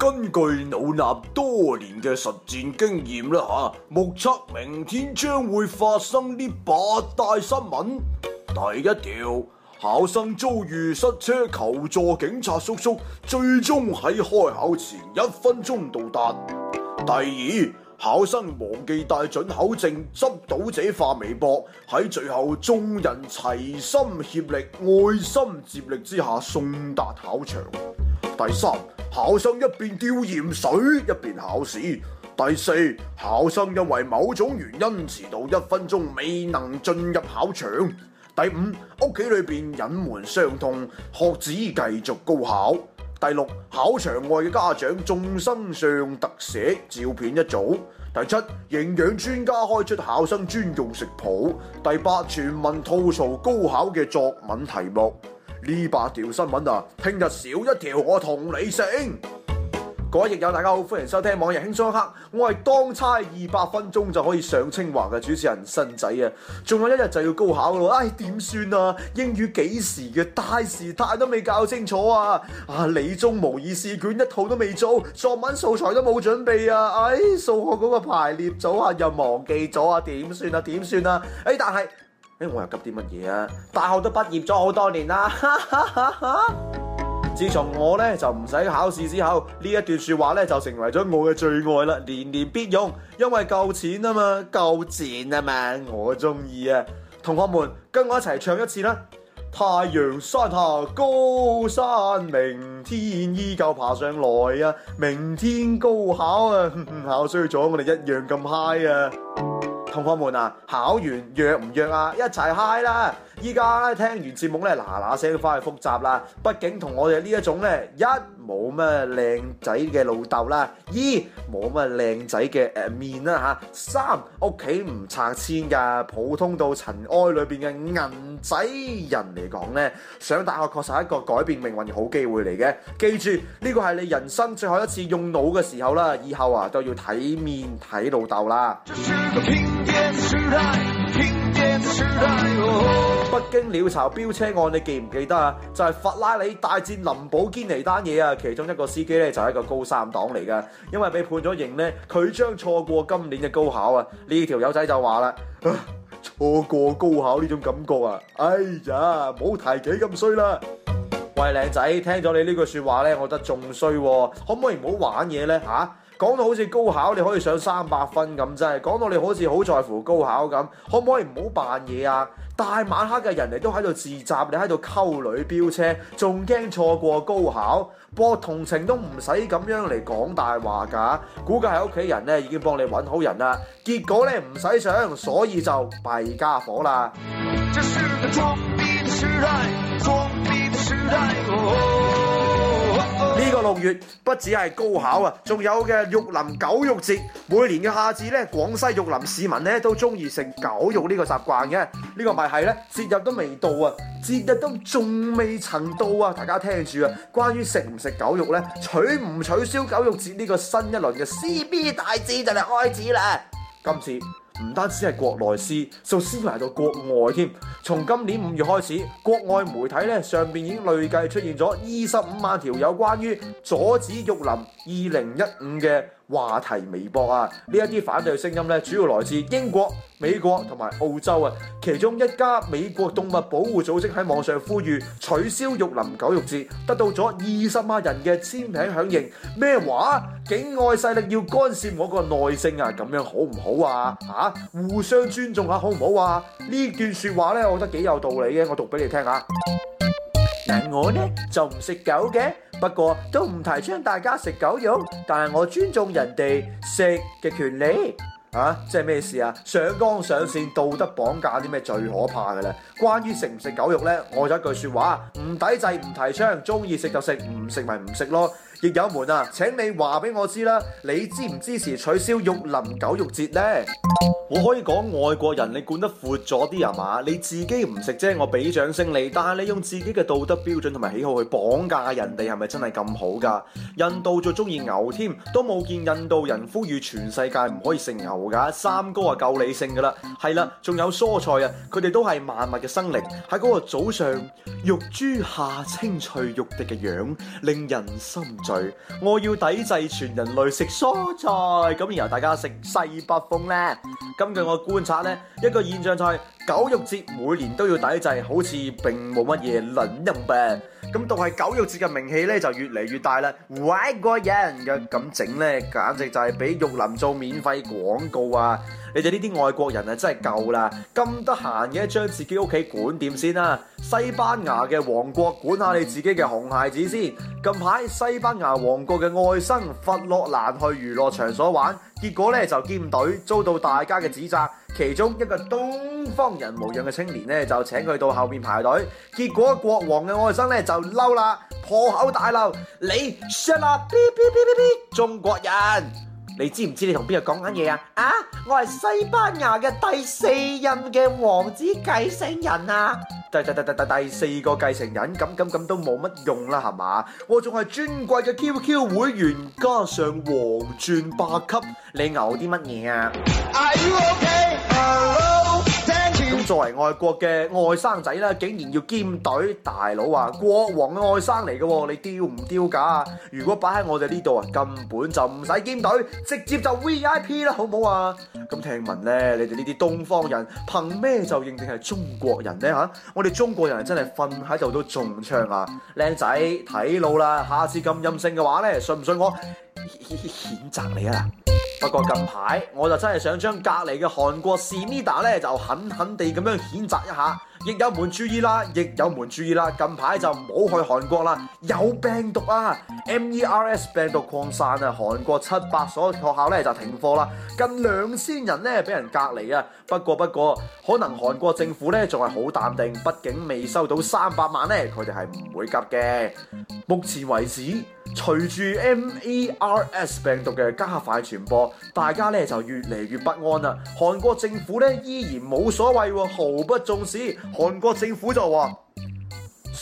根據老衲多年嘅實戰經驗啦吓，目測明天將會發生呢八大新聞。第一條，考生遭遇塞車求助警察叔叔，最終喺開考前一分鐘到達。第二，考生忘記帶准考證，執到者發微博喺最後，眾人齊心協力、愛心接力之下送達考場。第三，考生一邊吊鹽水一邊考試。第四，考生因為某種原因遲到一分鐘未能進入考場。第五，屋企裏邊隱瞞傷痛學子繼續高考。第六，考場外嘅家長眾生相特寫照片一組。第七，營養專家開出考生專用食譜。第八，全民吐槽高考嘅作文題目。呢八條新聞啊，聽日少一條我同你姓。各位亦友，大家好，歡迎收聽《網易輕鬆一刻》。我係當差二百分鐘就可以上清華嘅主持人新仔啊！仲有一日就要高考咯，唉、哎，點算啊？英語幾時嘅大時態都未教清楚啊！啊，理綜模擬試卷一套都未做，作文素材都冇準備啊！唉、哎，數學嗰個排列組合又忘記咗啊，點算啊？點算啊？唉、哎，但係。哎，我又急啲乜嘢啊？大學都畢業咗好多年啦，自從我呢就唔使考試之後，呢一段説話呢就成為咗我嘅最愛啦，年年必用，因為夠錢啊嘛，夠賤啊嘛，我中意啊！同學們，跟我一齊唱一次啦！太陽山下高山，明天依舊爬上來啊！明天高考啊，考衰咗，我哋一樣咁 high 啊！同學們啊，考完約唔約啊？一齊嗨啦！依家聽完節目呢，嗱嗱聲返去複習啦。畢竟同我哋呢一種呢一，冇咩靚仔嘅老豆啦，二冇咩靚仔嘅誒面啦吓，min, 啊、三屋企唔拆遷噶，普通到塵埃裏邊嘅銀仔人嚟講呢，上大學確實係一個改變命運嘅好機會嚟嘅。記住呢個係你人生最後一次用腦嘅時候啦，以後啊都要睇面睇老豆啦。北京鳥巢飆車案你記唔記得啊？就係法拉利大戰林寶堅尼單嘢啊。其中一個司機咧就係一個高三黨嚟噶，因為被判咗刑咧，佢將錯過今年嘅高考啊！呢條友仔就話啦，錯過高考呢種感覺啊，哎呀，冇提幾咁衰啦！喂，靚仔，聽咗你呢句說話咧，我覺得仲衰，可唔可以唔好玩嘢呢？吓、啊，講到好似高考你可以上三百分咁真係，講到你好似好在乎高考咁，可唔可以唔好扮嘢啊？大晚黑嘅人哋都喺度自習，你喺度溝女飆車，仲驚錯過高考。博同情都唔使咁樣，嚟講大話㗎，估計係屋企人咧已經幫你揾好人啦。結果咧唔使想，所以就弊傢伙啦。六月不止係高考啊，仲有嘅玉林狗肉節。每年嘅夏至呢，廣西玉林市民呢都中意食狗肉呢個習慣嘅。這個、呢個咪係呢節日都未到啊，節日都仲未曾到啊！大家聽住啊，關於食唔食狗肉呢，取唔取消狗肉節呢個新一輪嘅 CB 大戰就嚟開始啦！今次。唔單止係國內事，就撕埋到國外添。從今年五月開始，國外媒體咧上邊已經累計出現咗二十五萬條有關於阻止玉林二零一五嘅話題微博啊，呢一啲反對嘅聲音咧，主要來自英國、美國同埋澳洲啊。其中一家美國動物保護組織喺網上呼籲取消玉林狗肉節，得到咗二十萬人嘅簽名響應。咩話？境外勢力要干涉我個內政啊？咁樣好唔好啊？啊，互相尊重下好唔好啊？呢段說話咧，我覺得幾有道理嘅，我讀俾你聽下。我呢就唔食狗嘅，不過都唔提倡大家食狗肉，但係我尊重人哋食嘅權利。啊，即係咩事啊？上綱上線、道德綁架啲咩最可怕嘅呢？關於食唔食狗肉呢，我有一句說話，唔抵制，唔提倡，中意食就食，唔食咪唔食咯。亦有門啊！請你話俾我知啦，你支唔支持取消玉林狗肉節呢？我可以講，外國人，你管得闊咗啲啊嘛！你自己唔食啫，我俾掌聲你，但係你用自己嘅道德標準同埋喜好去綁架人哋，係咪真係咁好㗎？印度仲鍾意牛添，都冇見印度人呼籲全世界唔可以食牛㗎。三哥啊，夠理性㗎啦。係啦，仲有蔬菜啊，佢哋都係萬物嘅生靈，喺嗰個早上玉珠下青翠欲滴嘅樣，令人心我要抵制全人類食蔬菜，咁然後大家食西北風呢？根據我觀察呢一個現象就係、是、狗肉節每年都要抵制，好似並冇乜嘢卵用病。咁但係狗肉節嘅名氣呢就越嚟越大啦，外國人嘅咁整呢？簡直就係俾玉林做免費廣告啊！你哋呢啲外國人啊，真係夠啦！咁得閒嘅，將自己屋企管掂先啦，啊。西班牙嘅王國管下你自己嘅紅孩子先。近排西班牙王國嘅外甥佛洛蘭去娛樂場所玩，結果呢就兼隊，遭到大家嘅指責。其中一個東方人模樣嘅青年呢，就請佢到後面排隊。結果國王嘅外甥呢，就嬲啦，破口大鬧：你識啦，嗶嗶嗶嗶嗶，中國人！你知唔知你同邊個講緊嘢啊？啊！我係西班牙嘅第四任嘅王子繼承人啊！第第第第第第、第第第四個繼承人，咁咁咁都冇乜用啦，係嘛？我仲係尊貴嘅 QQ 會員，加上黃鑽八級，你牛啲乜嘢啊？作為外國嘅外甥仔啦，竟然要兼隊，大佬啊，國王嘅外甥嚟嘅喎，你丟唔丟架？如果擺喺我哋呢度啊，根本就唔使兼隊，直接就 VIP 啦，好唔好啊？咁聽聞呢，你哋呢啲東方人憑咩就認定係中國人呢？吓？我哋中國人真係瞓喺度都中槍啊！靚仔，睇路啦，下次咁任性嘅話呢，信唔信我？譴 責你啊！不過近排我就真係想將隔籬嘅韓國市民咧，就狠狠地咁樣譴責一下。亦有門注意啦，亦有門注意啦。近排就唔好去韓國啦，有病毒啊！MERS 病毒擴散啊，韓國七百所學校咧就停課啦，近兩千人咧俾人隔離啊！不過不過，可能韓國政府咧仲係好淡定，畢竟未收到三百萬咧，佢哋係唔會急嘅。目前為止，隨住 MERS 病毒嘅加快傳播，大家咧就越嚟越不安啦。韓國政府咧依然冇所謂，毫不重視。韓國政府就話。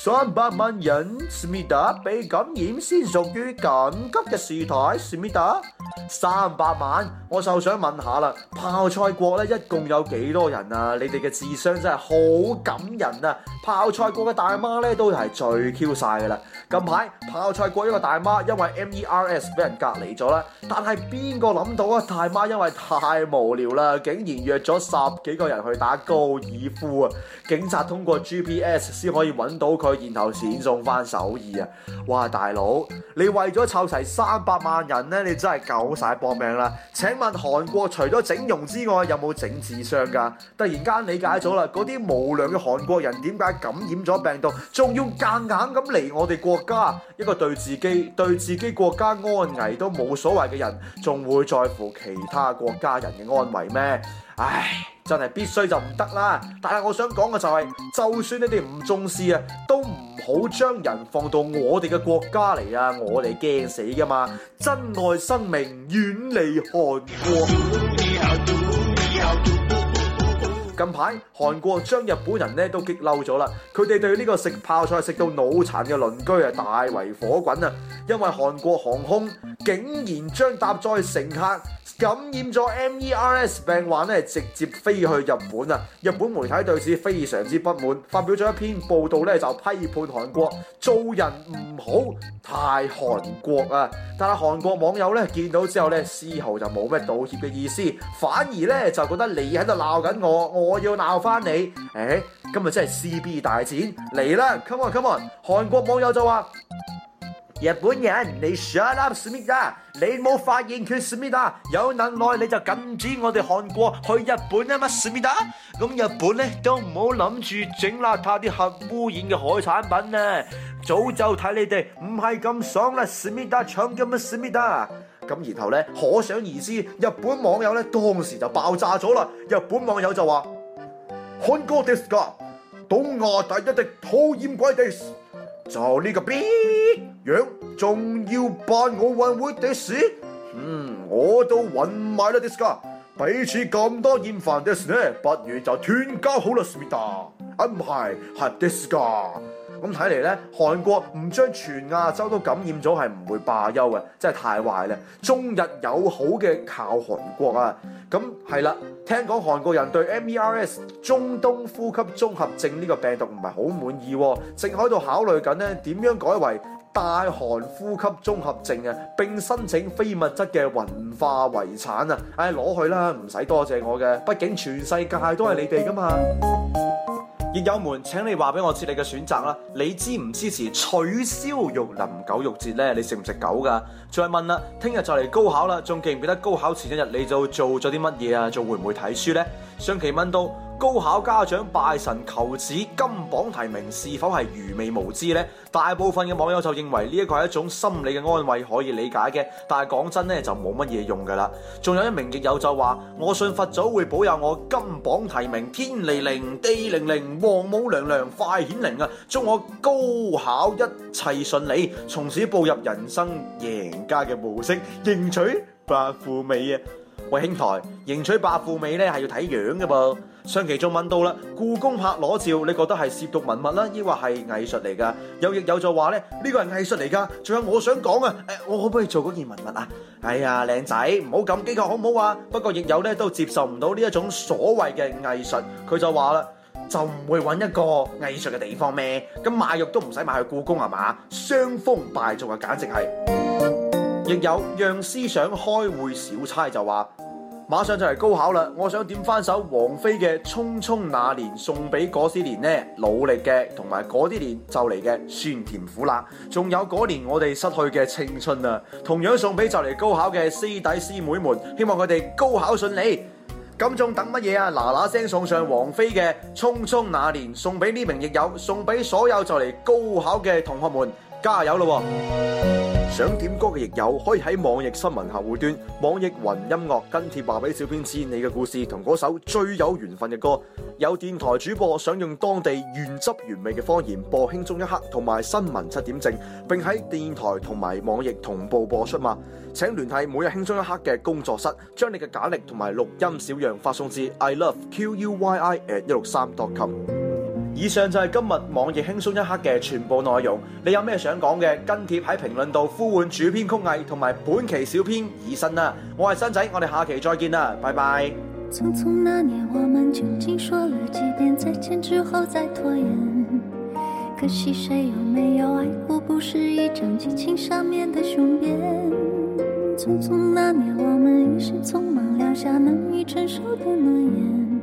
三百萬人，思密達被感染先屬於緊急嘅事態，思密達三百萬，我就想問下啦，泡菜國咧一共有幾多人啊？你哋嘅智商真係好感人啊！泡菜國嘅大媽咧都係最 Q 晒噶啦。近排泡菜國一個大媽因為 MERS 俾人隔離咗啦，但係邊個諗到啊？大媽因為太無聊啦，竟然約咗十幾個人去打高爾夫啊！警察通過 GPS 先可以揾到佢。然後遣送翻首爾啊！哇，大佬，你為咗湊齊三百萬人咧，你真係夠晒搏命啦！請問韓國除咗整容之外，有冇整智商噶？突然間理解咗啦，嗰啲無良嘅韓國人點解感染咗病毒，仲要夾硬咁嚟我哋國家？一個對自己對自己國家安危都冇所謂嘅人，仲會在乎其他國家人嘅安危咩？唉！真係必須就唔得啦！但係我想講嘅就係，就算你哋唔重視啊，都唔好將人放到我哋嘅國家嚟啊！我哋驚死噶嘛！珍愛生命，遠離韓國。近排韓國將日本人呢都激嬲咗啦，佢哋對呢個食泡菜食到腦殘嘅鄰居啊大為火滾啊！因為韓國航空竟然將搭載乘客感染咗 MERS 病患咧，直接飛去日本啊！日本媒體對此非常之不滿，發表咗一篇報道咧，就批判韓國做人唔好，太韓國啊！但係韓國網友咧見到之後咧，絲毫就冇咩道歉嘅意思，反而咧就覺得你喺度鬧緊我，我要鬧返你！誒、哎，今日真係 CB 大戰嚟啦！Come on，come on！韓國網友就話。 日本人，你？Smita，你冇發現佢 Smita 有能耐，你就禁止我哋韓國去日本啊乜 Smita 咁日本咧都唔好諗住整邋遢啲核污染嘅海產品啊！早就睇你哋唔係咁爽啦！Smita 搶嘅乜 Smita 咁，然後咧，可想而知，日本網友咧當時就爆炸咗啦！日本網友就話：韓國 this 噶，東亞第一的討厭鬼 this，就呢個逼！仲要辦奧運會的事，嗯，我都暈埋啦。Diss 噶，彼此咁多厭煩，Diss 咧，不如就斷交好啦。Smita，啊唔係係 Diss 噶，咁睇嚟咧，韓國唔將全亞洲都感染咗，係唔會罷休嘅，真係太壞啦。中日友好嘅靠韓國啊，咁係啦。聽講韓國人對 MERS 中東呼吸綜合症呢個病毒唔係好滿意，正喺度考慮緊咧點樣改為。大韓呼吸綜合症啊，並申請非物質嘅文化遺產啊，唉，攞去啦，唔使多謝我嘅，畢竟全世界都係你哋噶嘛。熱友們，請你話俾我知你嘅選擇啦。你支唔支持取消玉林狗肉節呢？你食唔食狗噶？再問啦，聽日就嚟高考啦，仲記唔記得高考前一日你就做咗啲乜嘢啊？仲會唔會睇書呢？上期問到，高考家長拜神求子金榜題名是否係愚昧無知呢？大部分嘅網友就認為呢一個係一種心理嘅安慰，可以理解嘅。但係講真咧，就冇乜嘢用噶啦。仲有一名亦友就話，我信佛祖會保佑我金榜題名，天靈靈地靈靈，王母娘娘快顯靈啊！祝我高考一切順利，從此步入人生贏家嘅模式，迎娶白富美啊！喂，兄台，迎娶白富美咧係要睇樣嘅噃。上期中問到啦，故宮拍裸照，你覺得係褻瀆文物啦，抑或係藝術嚟噶？有亦有就話咧，呢個係藝術嚟噶。仲有我想講啊，我可唔可以做嗰件文物啊？哎呀，靚仔，唔好咁激個好唔好啊？不過亦有咧都接受唔到呢一種所謂嘅藝術，佢就話啦，就唔會揾一個藝術嘅地方咩？咁賣肉都唔使賣去故宮啊嘛？傷風敗俗啊，簡直係。亦有讓思想開會小差就話。馬上就嚟高考啦！我想點返首王菲嘅《匆匆那年》，送俾嗰啲年呢努力嘅，同埋嗰啲年就嚟嘅酸甜苦辣。仲有嗰年我哋失去嘅青春啊，同樣送俾就嚟高考嘅師弟師妹們，希望佢哋高考順利。咁仲等乜嘢啊？嗱嗱聲送上王菲嘅《匆匆那年》送，送俾呢名益友，送俾所有就嚟高考嘅同學們。加油咯！想點歌嘅易友可以喺網易新聞客戶端、網易雲音樂跟帖話俾小編知你嘅故事同嗰首最有緣分嘅歌。有電台主播想用當地原汁原味嘅方言播《輕鬆一刻》同埋《新聞七點正》，並喺電台同埋網易同步播出嘛？請聯繫每日《輕鬆一刻》嘅工作室，將你嘅簡歷同埋錄音小樣發送至 i love q u y i at 一六三 dot com。以上就係今日網易輕鬆一刻嘅全部內容。你有咩想講嘅，跟帖喺評論度呼喚主編曲藝同埋本期小編以身啊。我係新仔，我哋下期再見啦，拜拜。匆匆匆匆匆那那年，年， 我我究竟再再之拖延。可惜，有不是一場激情上面忙下，的諾言。